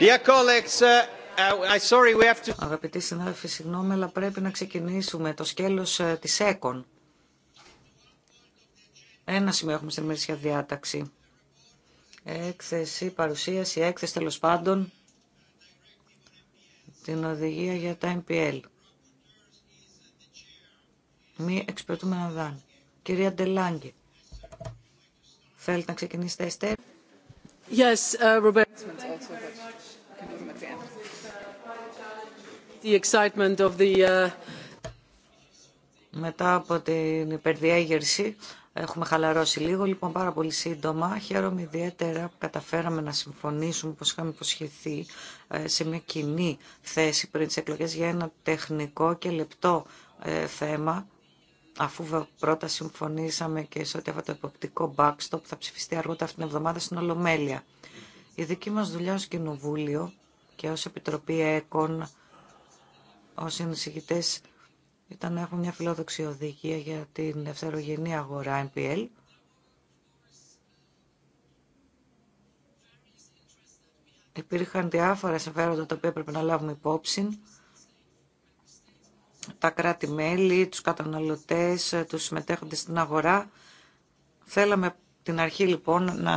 Uh, uh, Αγαπητοί συνάδελφοι, συγγνώμη, αλλά πρέπει να ξεκινήσουμε το σκέλος ε, της ΕΚΟΝ. Ένα σημείο έχουμε στην ημερήσια διάταξη. Έκθεση, παρουσίαση, έκθεση τέλο πάντων, την οδηγία για τα MPL. Μη εξυπηρετούμενα δάνει. Κυρία Ντελάγκη, θέλετε να ξεκινήσετε, Εστέρ. Uh, uh, Μετά από την υπερδιέγερση έχουμε χαλαρώσει λίγο, λοιπόν πάρα πολύ σύντομα. Χαίρομαι ιδιαίτερα που καταφέραμε να συμφωνήσουμε, όπως είχαμε υποσχεθεί, ε, σε μια κοινή θέση πριν τις εκλογές για ένα τεχνικό και λεπτό ε, θέμα αφού πρώτα συμφωνήσαμε και σε ό,τι αφορά το εποπτικό backstop θα ψηφιστεί αργότερα αυτήν την εβδομάδα στην Ολομέλεια. Η δική μας δουλειά ως Κοινοβούλιο και ως Επιτροπή ΕΚΟΝ, ως ενισηγητές, ήταν να έχουμε μια φιλόδοξη οδηγία για την ευθερογενή αγορά NPL. Υπήρχαν διάφορα συμφέροντα τα οποία πρέπει να λάβουμε υπόψη τα κράτη-μέλη, τους καταναλωτές, ε, τους συμμετέχοντες στην αγορά. Θέλαμε την αρχή λοιπόν να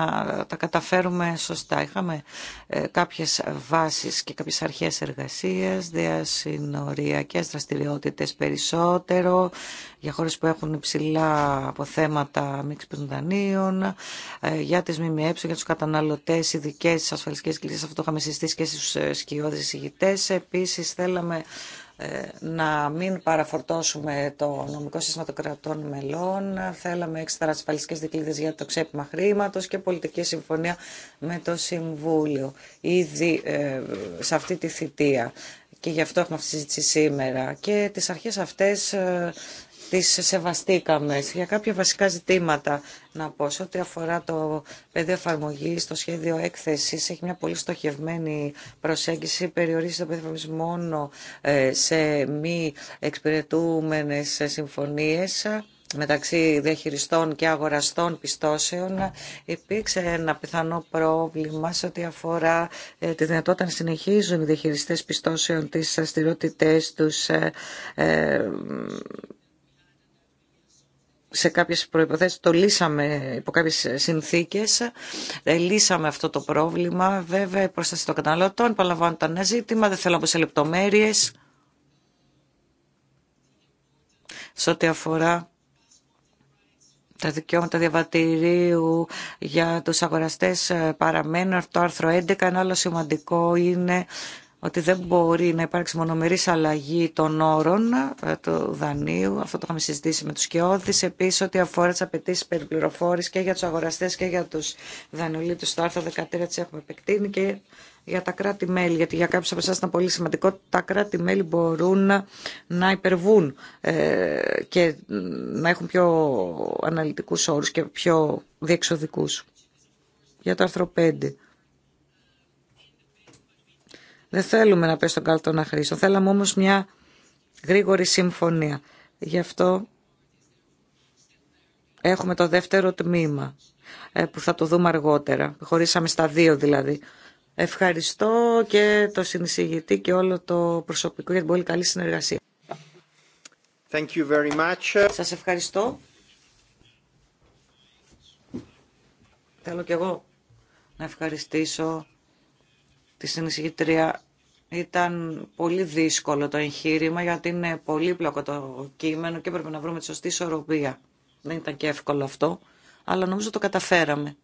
τα καταφέρουμε σωστά. Είχαμε ε, κάποιες βάσεις και κάποιες αρχές εργασίας, διασυνοριακές δραστηριότητες περισσότερο για χώρες που έχουν υψηλά αποθέματα μη δανείων, ε, για τις ΜΜΕ, για τους καταναλωτές, ειδικέ ασφαλιστικές κλίσεις αυτό το είχαμε συστήσει και στους σκιώδες εισηγητές. Επίσης θέλαμε ε, να μην παραφορτώσουμε το νομικό σύστημα των κρατών μελών. Θέλαμε έξτρα ασφαλιστικέ δικλείδε για το ξέπημα χρήματο και πολιτική συμφωνία με το Συμβούλιο ήδη ε, σε αυτή τη θητεία. Και γι' αυτό έχουμε αυτή τη συζήτηση σήμερα. Και τις αρχές αυτές ε, τις σεβαστήκαμε για κάποια βασικά ζητήματα να πω. Σε ό,τι αφορά το πεδίο εφαρμογή, το σχέδιο έκθεση έχει μια πολύ στοχευμένη προσέγγιση. Περιορίζει το πεδίο εφαρμογή μόνο ε, σε μη εξυπηρετούμενε συμφωνίε μεταξύ διαχειριστών και αγοραστών πιστώσεων υπήρξε ένα πιθανό πρόβλημα σε ό,τι αφορά ε, τη δυνατότητα να συνεχίζουν οι διαχειριστές πιστώσεων τις αστηρότητές ε, τους σε κάποιες προϋποθέσεις το λύσαμε υπό κάποιες συνθήκες, ε, λύσαμε αυτό το πρόβλημα. Βέβαια, η προστασία των καταναλωτών, παραλαμβάνω το ένα δεν θέλω να πω σε λεπτομέρειες. Σε ό,τι αφορά τα δικαιώματα διαβατηρίου για τους αγοραστές ε, παραμένουν. Αυτό το άρθρο 11, ένα άλλο σημαντικό είναι ότι δεν μπορεί να υπάρξει μονομερής αλλαγή των όρων ε, του δανείου. Αυτό το είχαμε συζητήσει με τους κοιόδης. Επίσης, ότι αφορά τις απαιτήσει περιπληροφόρηση και για τους αγοραστές και για τους δανειολήπτους. Στο άρθρο 13 τις έχουμε επεκτείνει και για τα κράτη-μέλη, γιατί για κάποιους από εσάς ήταν πολύ σημαντικό, ότι τα κράτη-μέλη μπορούν να υπερβούν ε, και να έχουν πιο αναλυτικούς όρους και πιο διεξοδικούς. Για το άρθρο 5 δεν θέλουμε να πέσει τον κάλτο να αχρήστων. Θέλαμε όμως μια γρήγορη συμφωνία. Γι' αυτό έχουμε το δεύτερο τμήμα ε, που θα το δούμε αργότερα. Χωρίσαμε στα δύο δηλαδή. Ευχαριστώ και το συνεισηγητή και όλο το προσωπικό για την πολύ καλή συνεργασία. Thank you very much. Σας ευχαριστώ. Θέλω κι εγώ να ευχαριστήσω τη συνεισηγητρία. Ήταν πολύ δύσκολο το εγχείρημα γιατί είναι πολύπλοκο το κείμενο και έπρεπε να βρούμε τη σωστή ισορροπία. Δεν ήταν και εύκολο αυτό, αλλά νομίζω το καταφέραμε.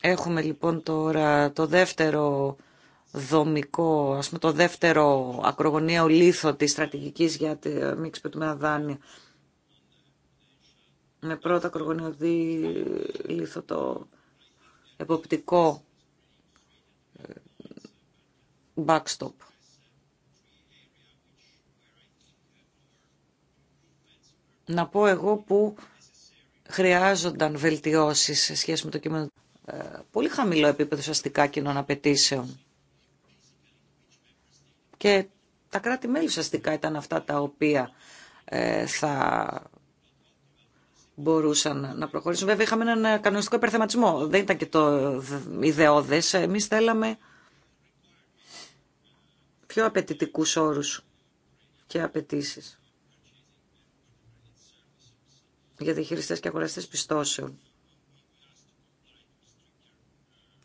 Έχουμε λοιπόν τώρα το δεύτερο δομικό, ας πούμε το δεύτερο ακρογωνιαίο λίθο της στρατηγικής για τη μη εξυπηρετούμενα δάνεια. Με πρώτο ακρογωνιαίο λίθο το εποπτικό backstop. Να πω εγώ που χρειάζονταν βελτιώσεις σε σχέση με το κείμενο ε, πολύ χαμηλό επίπεδο αστικά κοινών απαιτήσεων. Και τα κράτη-μέλη αστικά ήταν αυτά τα οποία ε, θα μπορούσαν να προχωρήσουν. Βέβαια είχαμε έναν κανονιστικό υπερθεματισμό. Δεν ήταν και το ιδεώδες. Εμείς θέλαμε πιο απαιτητικούς όρους και απαιτήσει για διαχειριστές και αγοραστές πιστώσεων.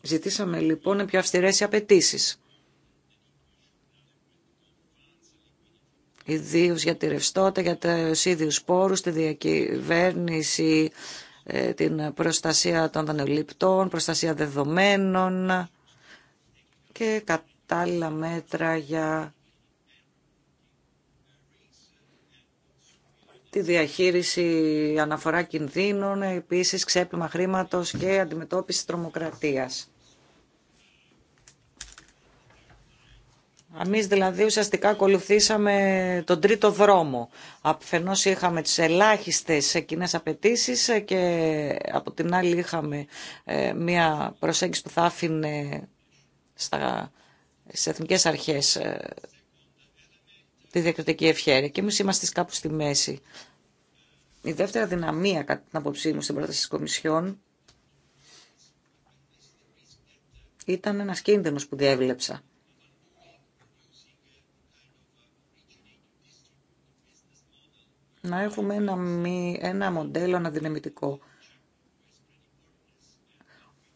Ζητήσαμε λοιπόν πιο αυστηρές οι απαιτήσει. Ιδίω για τη ρευστότητα, για του ίδιου πόρους, τη διακυβέρνηση, ε, την προστασία των δανειοληπτών, προστασία δεδομένων και άλλα μέτρα για τη διαχείριση αναφορά κινδύνων, επίσης ξέπλυμα χρήματος και αντιμετώπιση τρομοκρατίας. Εμεί δηλαδή ουσιαστικά ακολουθήσαμε τον τρίτο δρόμο. Αφενό είχαμε τις ελάχιστες κοινέ απαιτήσει και από την άλλη είχαμε ε, μια προσέγγιση που θα άφηνε στα στις εθνικές αρχές ε, τη διακριτική ευχαίρεια και εμεί είμαστε κάπου στη μέση. Η δεύτερη δυναμία, κατά την άποψή μου, στην πρόταση της Κομισιόν ήταν ένας κίνδυνος που διέβλεψα. Να έχουμε ένα, ένα μοντέλο αναδυναμητικό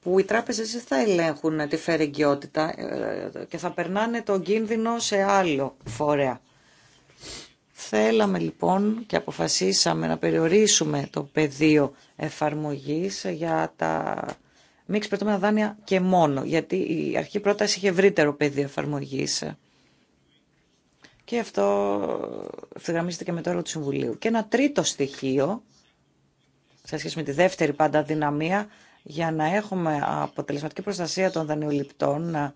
που οι τράπεζες θα ελέγχουν τη φερεγγιότητα ε, και θα περνάνε τον κίνδυνο σε άλλο φορέα. Θέλαμε λοιπόν και αποφασίσαμε να περιορίσουμε το πεδίο εφαρμογής για τα μη εξυπηρετούμενα δάνεια και μόνο, γιατί η αρχή πρόταση είχε ευρύτερο πεδίο εφαρμογής. Και αυτό ευθυγραμμίζεται και με το έργο του Συμβουλίου. Και ένα τρίτο στοιχείο, σε σχέση με τη δεύτερη πάντα δυναμία, για να έχουμε αποτελεσματική προστασία των δανειοληπτών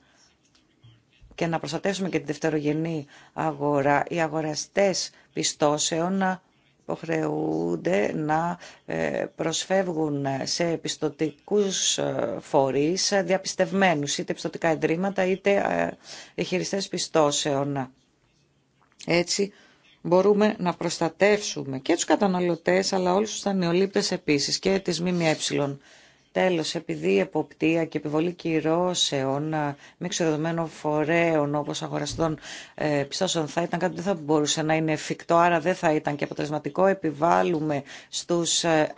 και να προστατεύσουμε και την δευτερογενή αγορά. Οι αγοραστές πιστώσεων υποχρεούνται να ε, προσφεύγουν σε πιστοτικούς ε, φορείς διαπιστευμένους, είτε πιστοτικά εντρήματα είτε εχειριστές πιστώσεων. Έτσι μπορούμε να προστατεύσουμε και τους καταναλωτές αλλά όλους τους δανειολήπτες επίσης και τις ΜΜΕ. Τέλος, επειδή η εποπτεία και επιβολή κυρώσεων με εξοδεδομένων φορέων όπως αγοραστών ε, πιστώσεων θα ήταν κάτι που δεν θα μπορούσε να είναι εφικτό, άρα δεν θα ήταν και αποτελεσματικό, επιβάλλουμε στους ε,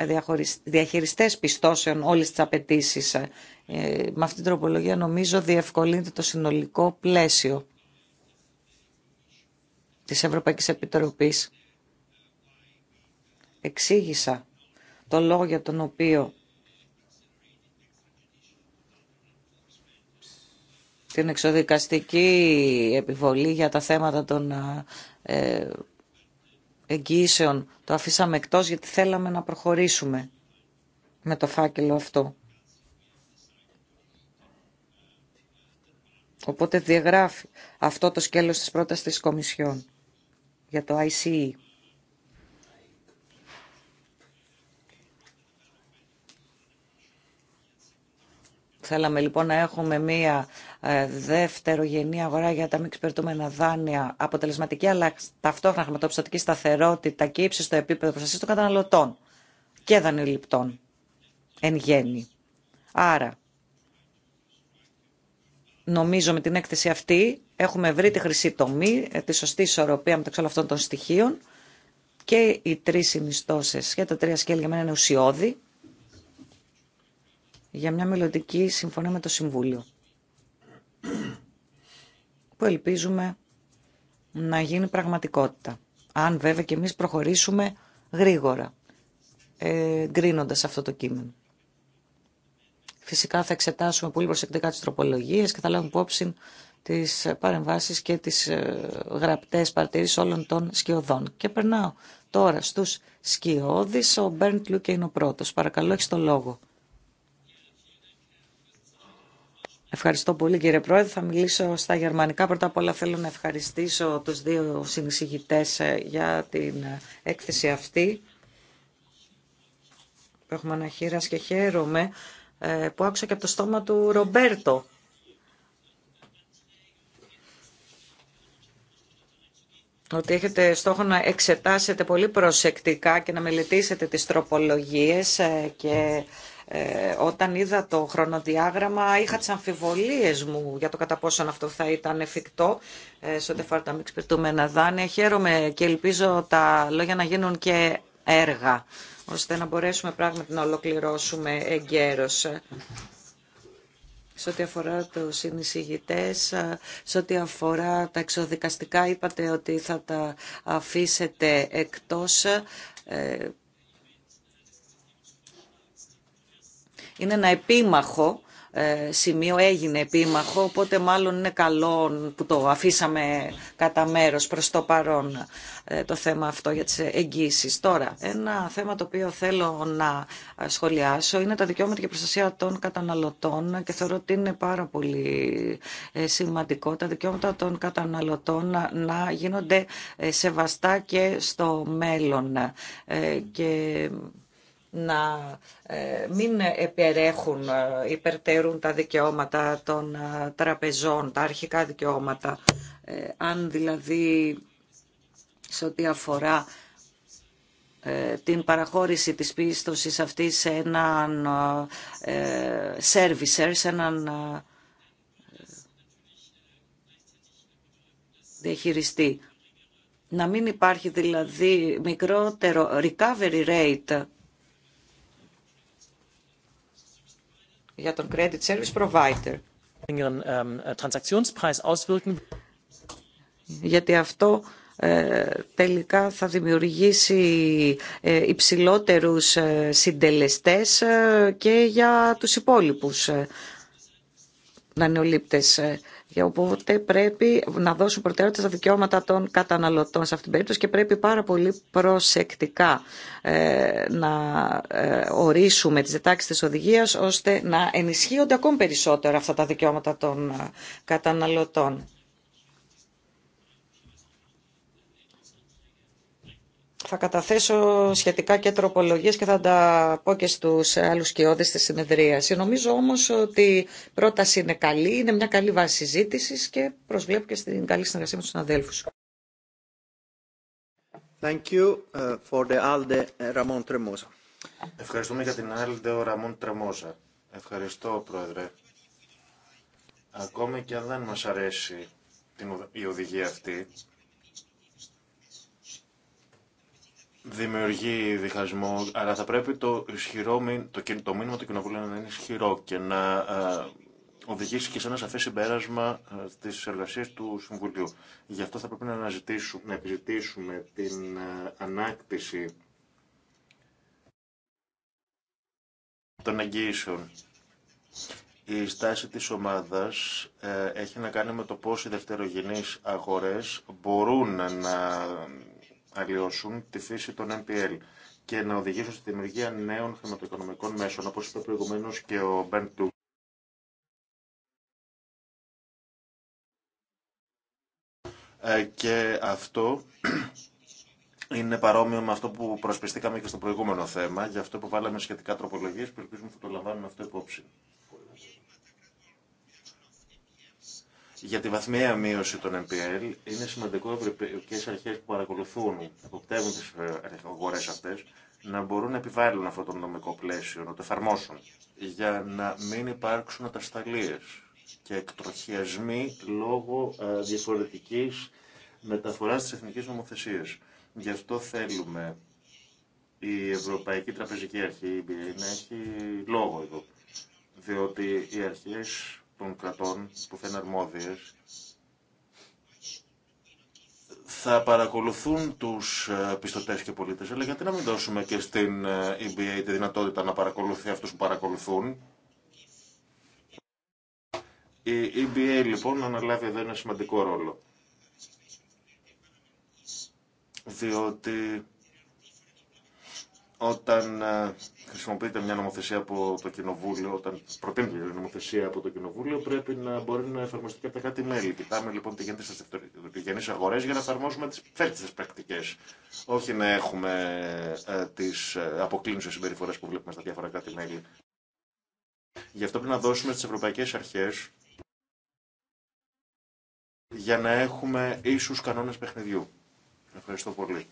διαχειριστές πιστώσεων όλες τις απαιτήσει. Ε, με αυτή την τροπολογία νομίζω διευκολύνεται το συνολικό πλαίσιο τη Ευρωπαϊκής Επιτροπής. Εξήγησα το λόγο για τον οποίο Την εξοδικαστική επιβολή για τα θέματα των ε, εγγύσεων Το αφήσαμε εκτός γιατί θέλαμε να προχωρήσουμε με το φάκελο αυτό. Οπότε διαγράφει αυτό το σκέλος της πρότασης της Κομισιόν για το ICE. Θέλαμε λοιπόν να έχουμε μία ε, δευτερογενή αγορά για τα μη εξυπηρετούμενα δάνεια αποτελεσματική, αλλά ταυτόχρονα χρηματοπιστωτική σταθερότητα και ύψη στο επίπεδο προστασία των καταναλωτών και δανειοληπτών εν γέννη. Άρα, νομίζω με την έκθεση αυτή έχουμε βρει τη χρυσή τομή, ε, τη σωστή ισορροπία μεταξύ όλων αυτών των στοιχείων και οι τρει συνιστώσει και τα τρία σκέλη για μένα είναι ουσιώδη για μια μελλοντική συμφωνία με το Συμβούλιο που ελπίζουμε να γίνει πραγματικότητα. Αν βέβαια και εμείς προχωρήσουμε γρήγορα, ε, γκρίνοντας αυτό το κείμενο. Φυσικά θα εξετάσουμε πολύ προσεκτικά τις τροπολογίες και θα λάβουμε υπόψη τις παρεμβάσεις και τις ε, γραπτές παρατηρήσεις όλων των σκιωδών. Και περνάω τώρα στους σκιώδεις. Ο Μπέρντ Λούκε είναι ο πρώτος. Παρακαλώ, έχει το λόγο. Ευχαριστώ πολύ κύριε Πρόεδρε. Θα μιλήσω στα γερμανικά. Πρώτα απ' όλα θέλω να ευχαριστήσω τους δύο συνεισηγητές ε, για την ε, έκθεση αυτή. Έχουμε χείρας και χαίρομαι ε, που άκουσα και από το στόμα του Ρομπέρτο. Ότι έχετε στόχο να εξετάσετε πολύ προσεκτικά και να μελετήσετε τις τροπολογίες και ε, όταν είδα το χρονοδιάγραμμα είχα τις αμφιβολίες μου για το κατά πόσο αυτό θα ήταν εφικτό ε, σε ό,τι αφορά τα μη εξυπηρετούμενα δάνεια. Χαίρομαι και ελπίζω τα λόγια να γίνουν και έργα, ώστε να μπορέσουμε πράγματι να ολοκληρώσουμε εγκαίρως. Σε ό,τι αφορά του συνεισηγητέ, ε, σε ό,τι αφορά τα εξοδικαστικά, είπατε ότι θα τα αφήσετε εκτός. Ε, είναι ένα επίμαχο ε, σημείο, έγινε επίμαχο, οπότε μάλλον είναι καλό που το αφήσαμε κατά μέρος προς το παρόν ε, το θέμα αυτό για τις εγγύσεις. Τώρα, ένα θέμα το οποίο θέλω να σχολιάσω είναι τα δικαιώματα και προστασία των καταναλωτών και θεωρώ ότι είναι πάρα πολύ ε, σημαντικό τα δικαιώματα των καταναλωτών να γίνονται σεβαστά και στο μέλλον. Και να ε, μην επερέχουν, ε, υπερτερούν τα δικαιώματα των ε, τραπεζών, τα αρχικά δικαιώματα. Αν δηλαδή σε ό,τι αφορά την παραχώρηση της πίστοσης αυτής σε έναν servicer, σε έναν διαχειριστή. Να μην υπάρχει δηλαδή μικρότερο recovery rate για τον Credit Service Provider. Ähm, äh, Γιατί αυτό ε, τελικά θα δημιουργήσει ε, υψηλότερους ε, συντελεστές και για τους υπόλοιπους να δανειολήπτες. Ε, οπότε πρέπει να δώσουν προτεραιότητα στα δικαιώματα των καταναλωτών σε αυτήν την περίπτωση και πρέπει πάρα πολύ προσεκτικά ε, να ε, ορίσουμε τις διτάξεις της οδηγίας ώστε να ενισχύονται ακόμη περισσότερο αυτά τα δικαιώματα των καταναλωτών. Θα καταθέσω σχετικά και τροπολογίες και θα τα πω και στους άλλους κοιόδες της συνεδρίας. Νομίζω όμως ότι η πρόταση είναι καλή, είναι μια καλή βάση συζήτηση και προσβλέπω και στην καλή συνεργασία με τους συναδέλφους. Uh, uh, Ευχαριστούμε για την ALDE, ο Ραμόν Τρεμόζα. Ευχαριστώ, Πρόεδρε. Ακόμη και αν δεν μας αρέσει η οδηγία αυτή, δημιουργεί διχασμό, αλλά θα πρέπει το, ισχυρό, το, μήνυμα του Κοινοβουλίου να είναι ισχυρό και να ε, οδηγήσει και σε ένα σαφέ συμπέρασμα ε, τη εργασία του Συμβουλίου. Γι' αυτό θα πρέπει να να επιζητήσουμε την ε, ανάκτηση των εγγύησεων. Η στάση της ομάδας έχει να κάνει με το πώς οι δευτερογενείς αγορές μπορούν να αλλοιώσουν τη φύση των NPL και να οδηγήσουν στη δημιουργία νέων χρηματοοικονομικών μέσων, όπως είπε προηγουμένω και ο Μπεν ε, και αυτό είναι παρόμοιο με αυτό που προσπιστήκαμε και στο προηγούμενο θέμα, γι' αυτό που βάλαμε σχετικά τροπολογίες που ελπίζουμε θα το λαμβάνουμε αυτό υπόψη. για τη βαθμία μείωση των MPL. Είναι σημαντικό οι ευρωπαϊκέ αρχέ που παρακολουθούν, που πτεύουν τι ε, αγορέ αυτέ, να μπορούν να επιβάλλουν αυτό το νομικό πλαίσιο, να το εφαρμόσουν, για να μην υπάρξουν ατασταλίε και εκτροχιασμοί λόγω ε, διαφορετική μεταφορά τη εθνική νομοθεσία. Γι' αυτό θέλουμε η Ευρωπαϊκή Τραπεζική Αρχή, η EBA, να έχει λόγο εδώ. Διότι οι αρχές των κρατών που θα είναι αρμόδιες θα παρακολουθούν τους ε, πιστωτές και πολίτες, αλλά γιατί να μην δώσουμε και στην EBA ε, τη δυνατότητα να παρακολουθεί αυτούς που παρακολουθούν. Η EBA λοιπόν αναλάβει εδώ ένα σημαντικό ρόλο. Διότι όταν ε, χρησιμοποιείται μια νομοθεσία από το Κοινοβούλιο, όταν προτείνεται μια νομοθεσία από το Κοινοβούλιο, πρέπει να μπορεί να εφαρμοστεί και από τα κάτι μέλη. Κοιτάμε λοιπόν τι γίνεται στι ευρωπαϊκέ αγορέ για να εφαρμόσουμε τι φέλτιστε πρακτικέ. Όχι να έχουμε ε, τι ε, αποκλίνουσε συμπεριφορέ που βλέπουμε στα διάφορα κάτι μέλη. Γι' αυτό πρέπει να δώσουμε στι ευρωπαϊκέ αρχέ για να έχουμε ίσους κανόνε παιχνιδιού. Ευχαριστώ πολύ.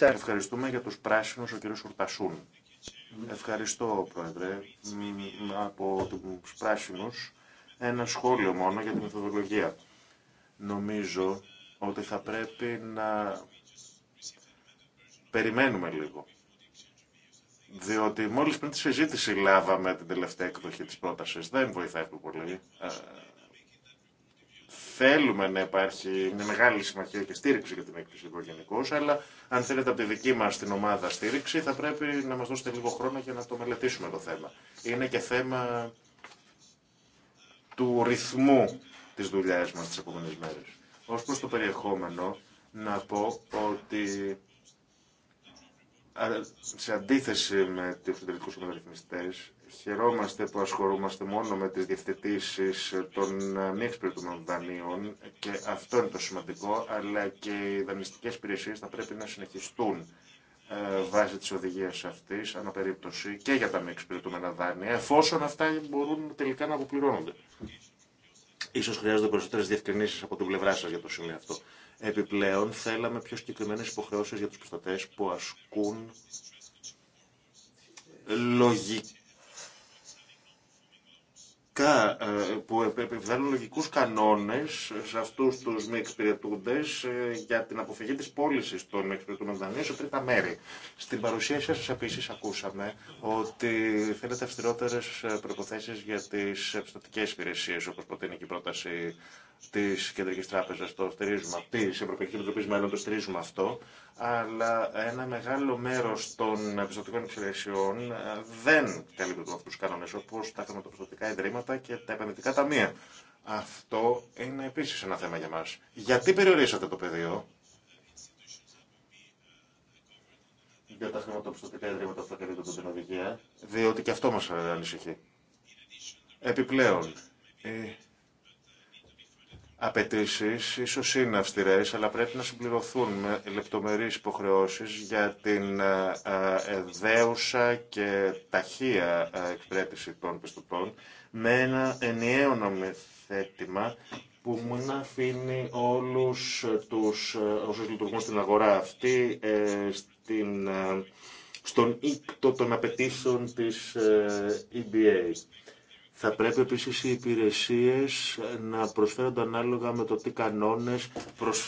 Ευχαριστούμε για τους πράσινους ο κύριος Ουρτασούν. Ευχαριστώ, Πρόεδρε. Από τους πράσινους ένα σχόλιο μόνο για τη μεθοδολογία. Νομίζω ότι θα πρέπει να περιμένουμε λίγο. Διότι μόλις πριν τη συζήτηση λάβαμε την τελευταία εκδοχή της πρότασης. Δεν βοηθάει πολύ ε, θέλουμε να υπάρχει μια μεγάλη συμμαχία και στήριξη για την έκκληση γενικώ, αλλά αν θέλετε από τη δική μα την ομάδα στήριξη, θα πρέπει να μα δώσετε λίγο χρόνο για να το μελετήσουμε το θέμα. Είναι και θέμα του ρυθμού τη δουλειά μα τι επόμενε μέρε. Ω προ το περιεχόμενο, να πω ότι σε αντίθεση με του εξωτερικού μεταρρυθμιστέ, Χαιρόμαστε που ασχολούμαστε μόνο με τις διευθετήσεις των μη εξυπηρετούμενων δανείων και αυτό είναι το σημαντικό, αλλά και οι δανειστικές υπηρεσίες θα πρέπει να συνεχιστούν ε, βάσει της οδηγίας αυτής, αναπερίπτωση, και για τα μη εξυπηρετούμενα δάνεια, εφόσον αυτά μπορούν τελικά να αποπληρώνονται. Ίσως χρειάζονται περισσότερες διευκρινήσεις από την πλευρά σας για το σημείο αυτό. Επιπλέον, θέλαμε πιο συγκεκριμένε υποχρεώσεις για τους προστατές που ασκούν λογική λογικά, ε, που επιβάλλουν λογικούς κανόνες σε αυτούς τους μη εξυπηρετούντες ε, για την αποφυγή της πώληση των εξυπηρετούμενων δανείων σε τρίτα μέρη. Στην παρουσίασή σας επίση ακούσαμε ότι θέλετε αυστηρότερες ε, προποθέσει για τις επιστατικές υπηρεσίες όπως προτείνει και η πρόταση τη Κεντρική Τράπεζα. Το στηρίζουμε αυτό. Τη Ευρωπαϊκή Επιτροπή μέλλον το στηρίζουμε αυτό. Αλλά ένα μεγάλο μέρο των επιστοτικών υπηρεσιών ε, δεν καλύπτουν αυτού του κανόνε, όπω τα χρηματοπιστωτικά ιδρύματα και τα επενδυτικά ταμεία. Αυτό είναι επίση ένα θέμα για μα. Γιατί περιορίσατε το πεδίο για τα χρηματοπιστωτικά ιδρύματα που θα καλύπτουν την οδηγία, διότι και αυτό μα ανησυχεί. Επιπλέον, απαιτήσει ίσω είναι αυστηρέ, αλλά πρέπει να συμπληρωθούν με λεπτομερεί υποχρεώσει για την ε, ε, δέουσα και ταχεία ε, εκπρέτηση των πιστωτών με ένα ενιαίο νομοθέτημα που να αφήνει όλους τους όσους λειτουργούν στην αγορά αυτή στην, στον ύκτο των απαιτήσεων της EBA. Θα πρέπει επίσης οι υπηρεσίες να προσφέρονται ανάλογα με το τι κανόνες προσ...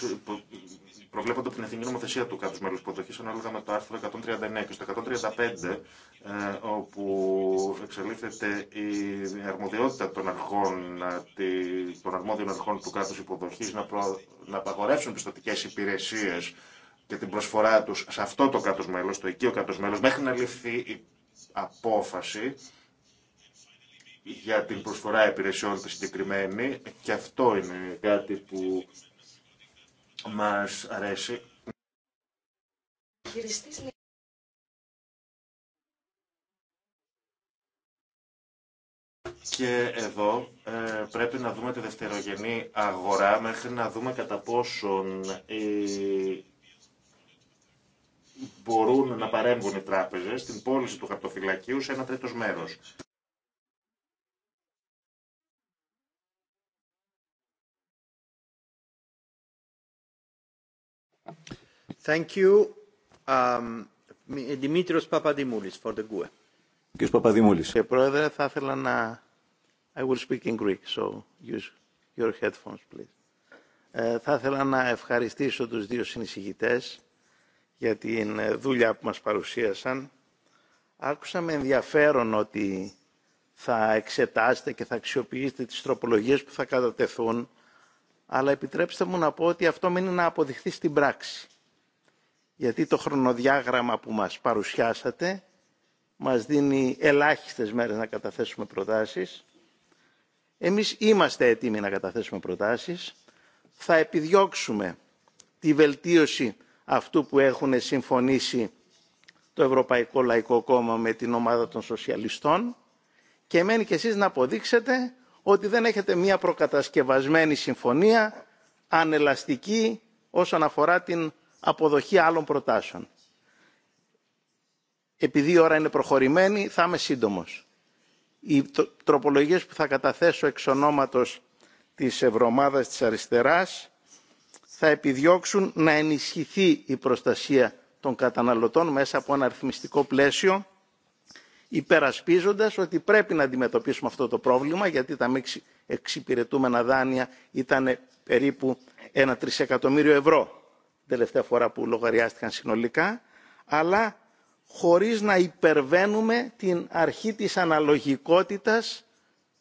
προβλέπονται από την Εθνική Νομοθεσία του κάτους μέλους υποδοχή, ανάλογα με το άρθρο 139 και στο 135 ε, όπου εξελίσσεται η αρμοδιότητα των, αρχών, των αρμόδιων αρχών του κράτους υποδοχής να, προ... να απαγορεύσουν υπηρεσίες και την προσφορά τους σε αυτό το κάτο μέλος, το οικείο κράτος μέλος, μέχρι να ληφθεί η απόφαση για την προσφορά υπηρεσιών τη συγκεκριμένη και αυτό είναι κάτι που μας αρέσει. Και εδώ ε, πρέπει να δούμε τη δευτερογενή αγορά μέχρι να δούμε κατά πόσον μπορούν να παρέμβουν οι τράπεζες στην πώληση του χαρτοφυλακίου σε ένα τρίτος μέρος. Thank you. Um, e. Κύριε θα ήθελα να... Ε, θα ήθελα ευχαριστήσω τους δύο συνεισηγητές για την ε, δουλειά που μας παρουσίασαν. Άκουσα με ενδιαφέρον ότι θα εξετάσετε και θα αξιοποιήσετε τις τροπολογίες που θα κατατεθούν, αλλά επιτρέψτε μου να πω ότι αυτό μένει να αποδειχθεί στην πράξη γιατί το χρονοδιάγραμμα που μας παρουσιάσατε μας δίνει ελάχιστες μέρες να καταθέσουμε προτάσεις. Εμείς είμαστε έτοιμοι να καταθέσουμε προτάσεις. Θα επιδιώξουμε τη βελτίωση αυτού που έχουν συμφωνήσει το Ευρωπαϊκό Λαϊκό Κόμμα με την ομάδα των σοσιαλιστών και μένει και εσείς να αποδείξετε ότι δεν έχετε μια προκατασκευασμένη συμφωνία ανελαστική όσον αφορά την αποδοχή άλλων προτάσεων. Επειδή η ώρα είναι προχωρημένη, θα είμαι σύντομος. Οι τροπολογίες που θα καταθέσω εξ ονόματος της Ευρωομάδας της Αριστεράς θα επιδιώξουν να ενισχυθεί η προστασία των καταναλωτών μέσα από ένα αριθμιστικό πλαίσιο υπερασπίζοντας ότι πρέπει να αντιμετωπίσουμε αυτό το πρόβλημα γιατί τα μη εξυπηρετούμενα δάνεια ήταν περίπου ένα τρισεκατομμύριο ευρώ τελευταία φορά που λογαριάστηκαν συνολικά, αλλά χωρίς να υπερβαίνουμε την αρχή της αναλογικότητας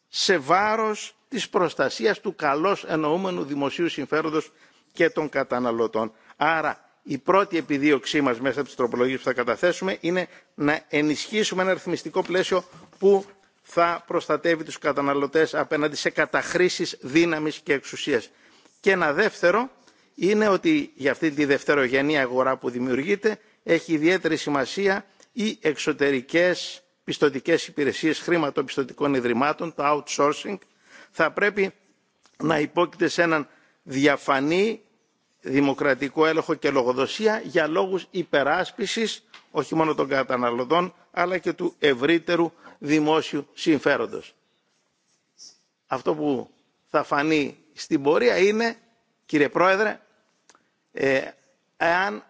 σε βάρος της προστασίας του καλώς εννοούμενου δημοσίου συμφέροντος και των καταναλωτών. Άρα η πρώτη επιδίωξή μας μέσα από τις τροπολογίες που θα καταθέσουμε είναι να ενισχύσουμε ένα ρυθμιστικό πλαίσιο που θα προστατεύει τους καταναλωτές απέναντι σε καταχρήσεις δύναμης και εξουσίας. Και ένα δεύτερο, είναι ότι για αυτή τη δευτερογενή αγορά που δημιουργείται έχει ιδιαίτερη σημασία οι εξωτερικές πιστοτικές υπηρεσίες χρηματοπιστωτικών ιδρυμάτων, το outsourcing, θα πρέπει να υπόκειται σε έναν διαφανή δημοκρατικό έλεγχο και λογοδοσία για λόγους υπεράσπισης όχι μόνο των καταναλωτών αλλά και του ευρύτερου δημόσιου συμφέροντος. Αυτό που θα φανεί στην πορεία είναι, κύριε Πρόεδρε, ε, εάν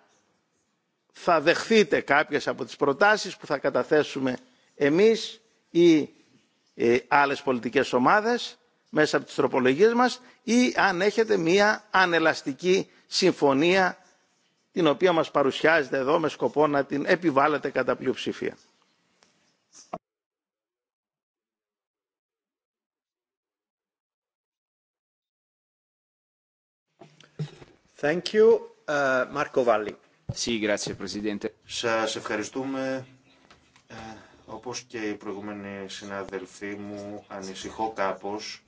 θα δεχθείτε κάποιες από τις προτάσεις που θα καταθέσουμε εμείς ή ε, άλλες πολιτικές ομάδες μέσα από τις τροπολογίες μας ή αν έχετε μία ανελαστική συμφωνία την οποία μας παρουσιάζεται εδώ με σκοπό να την επιβάλλετε κατά πλειοψηφία. Uh, Σας ευχαριστούμε. Ε, όπως και οι προηγούμενοι συναδελφοί μου, ανησυχώ κάπως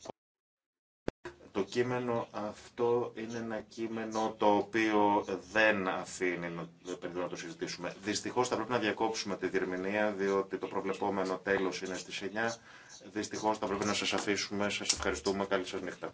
το κείμενο αυτό είναι ένα κείμενο το οποίο δεν αφήνει να το συζητήσουμε. Δυστυχώς θα πρέπει να διακόψουμε τη διερμηνία διότι το προβλεπόμενο τέλος είναι στις 9. Δυστυχώς θα πρέπει να σας αφήσουμε. Σας ευχαριστούμε. Καλή σας νύχτα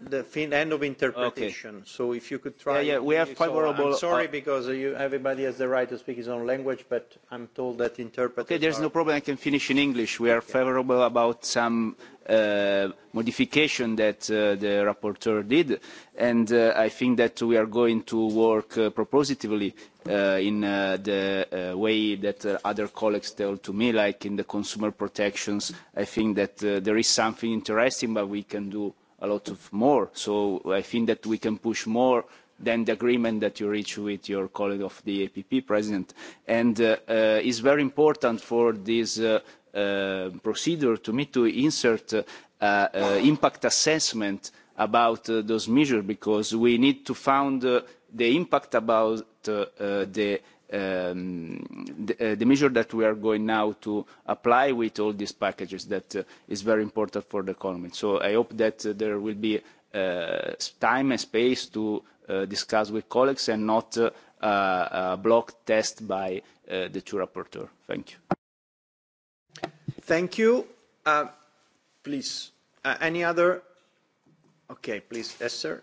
the fin end of interpretation. So if you could try. Yeah, we have favorable. I'm sorry because you, everybody has the right to speak his own language, but I'm told that interpreters. Okay, there's no problem. I can finish in English. We are favorable about some modification that the rapporteur did, and I think that we are going to work propositively in the way that other colleagues tell to me, like in the consumer protections. I think that there is something interesting, but we can do a lot of more. So I think that we can push more than the agreement that you reach with your colleague of the APP president. And it's very important for this procedure to me to insert impact assessment about those measures because we need to found the impact about the the measure that we are going now to apply with all these packages that is very important for the economy. So I hope that there will be time and space to discuss with colleagues and not a block test by the two rapporteurs Thank you. Thank you. Please, any other? Okay, please, Esther.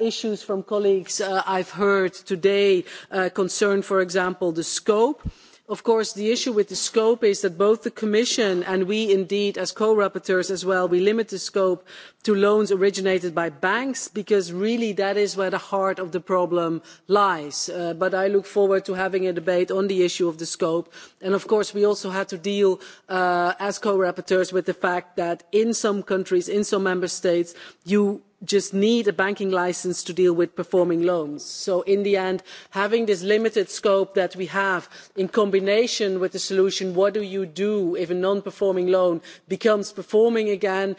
issues from colleagues I've heard today concern, for example, the scope. Of course, the issue with the scope is that both the Commission and we, indeed, as co-rapporteurs as well, we limit the scope to loans originated by banks because really that is where the heart of the problem lies. but i look forward to having a debate on the issue of the scope and of course we also had to deal as co rapporteurs with the fact that in some countries in some member states you just need a banking license to deal with performing loans. so in the end having this limited scope that we have in combination with the solution what do you do if a non performing loan becomes performing again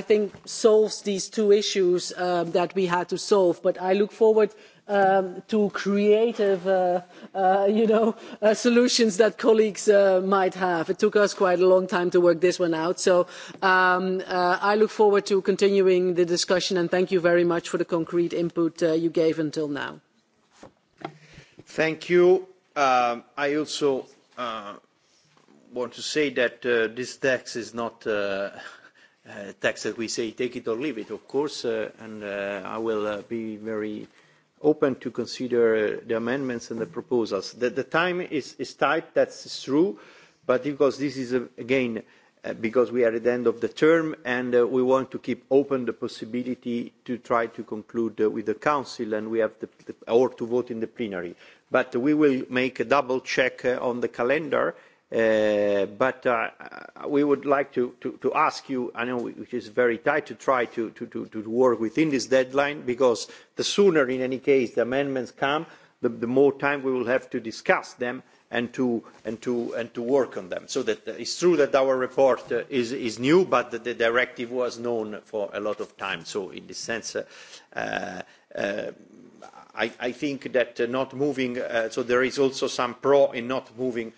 i think solves these two issues that we had to solve. But I look forward to creative you know, solutions that colleagues might have. It took us quite a long time to work this one out. So I look forward to continuing the discussion and thank you very much for the concrete input you gave until now. Thank you. I also want to say that this text is not text that we say take it or leave it, of course, and I will be very open to consider the amendments and the proposals. The time is is tight, that's true, but because this is, again, because we are at the end of the term and we want to keep open the possibility to try to conclude with the Council and we have the or to vote in the plenary. But we will make a double check on the calendar But we would like to ask you, I know it is very tight, to try to work within this deadline because the sooner, in any case, the amendments come, the more time we will have to discuss them and to work on them. So that is true that our report is new, but the directive was known for a lot of time. So in this sense, I think that not moving, so there is also some pro in not moving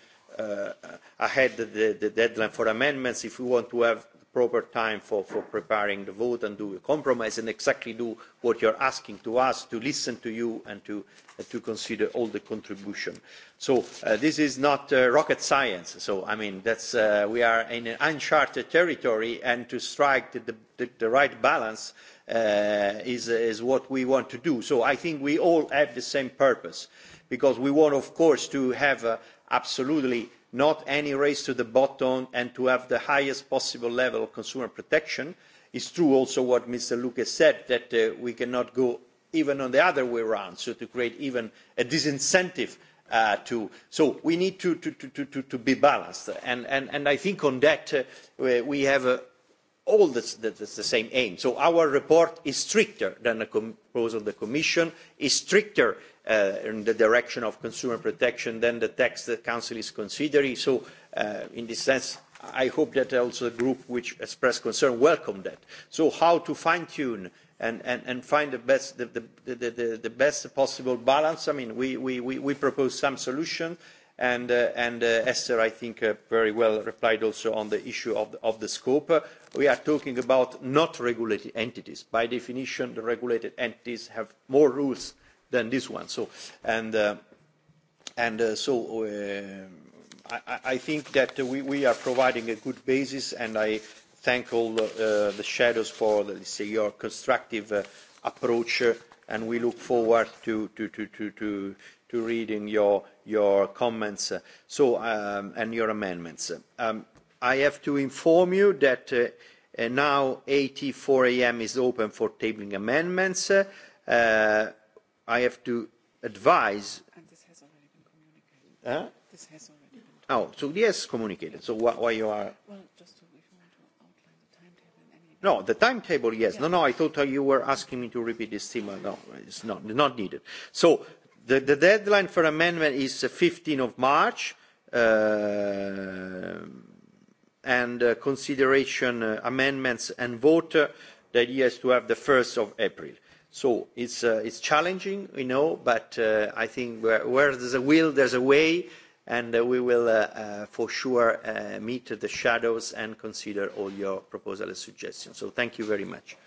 ahead the deadline for amendments if we want to have proper time for preparing the vote and do a compromise and exactly do what you're asking to us to listen to you and to consider all the contribution. So this is not rocket science. So I mean that's we are in an uncharted territory and to strike the right balance is what we want to do. So I think we all have the same purpose because we want, of course, to have absolutely not any race to the bottom and to have the highest possible level of consumer protection. It's true also what Mr. Lucas said, that we cannot go even on the other way around, so to create even a disincentive to. So we need to be balanced. And I think on that we have all the same aim. So our report is stricter than the proposal of the Commission, is stricter in the direction of consumer protection than the text the Council is considering. So in this sense, I hope that also the group which expressed concern welcomed that. So how to fine-tune and find the best the best possible balance? I mean, we propose some solution, and Esther, I think, very well replied also on the issue of the scope. We are talking about not regulated entities. By definition, the regulated entities have more rules than this one. So, and and so I, I think that we, we are providing a good basis, and I thank all the shadows for say, your constructive approach, and we look forward to to to to to to reading your your comments so um, and your amendments. Um, I have to inform you that uh, now 84 a.m. is open for tabling amendments. Uh, I have to advise. And this has already been communicated. This has already been. Oh, so yes, communicated. So why you are? Well, just to, if you want outline the timetable. Any... No, the timetable, yes. No, no. I thought you were asking me to repeat this theme. No, it's not not needed. So the, the deadline for amendment is 15th of March. Uh, and consideration amendments and vote, uh, the idea is to have the 1st of April So it's it's challenging, we know, but I think where where there's a will, there's a way, and we will for sure meet the shadows and consider all your proposals and suggestions. So thank you very much.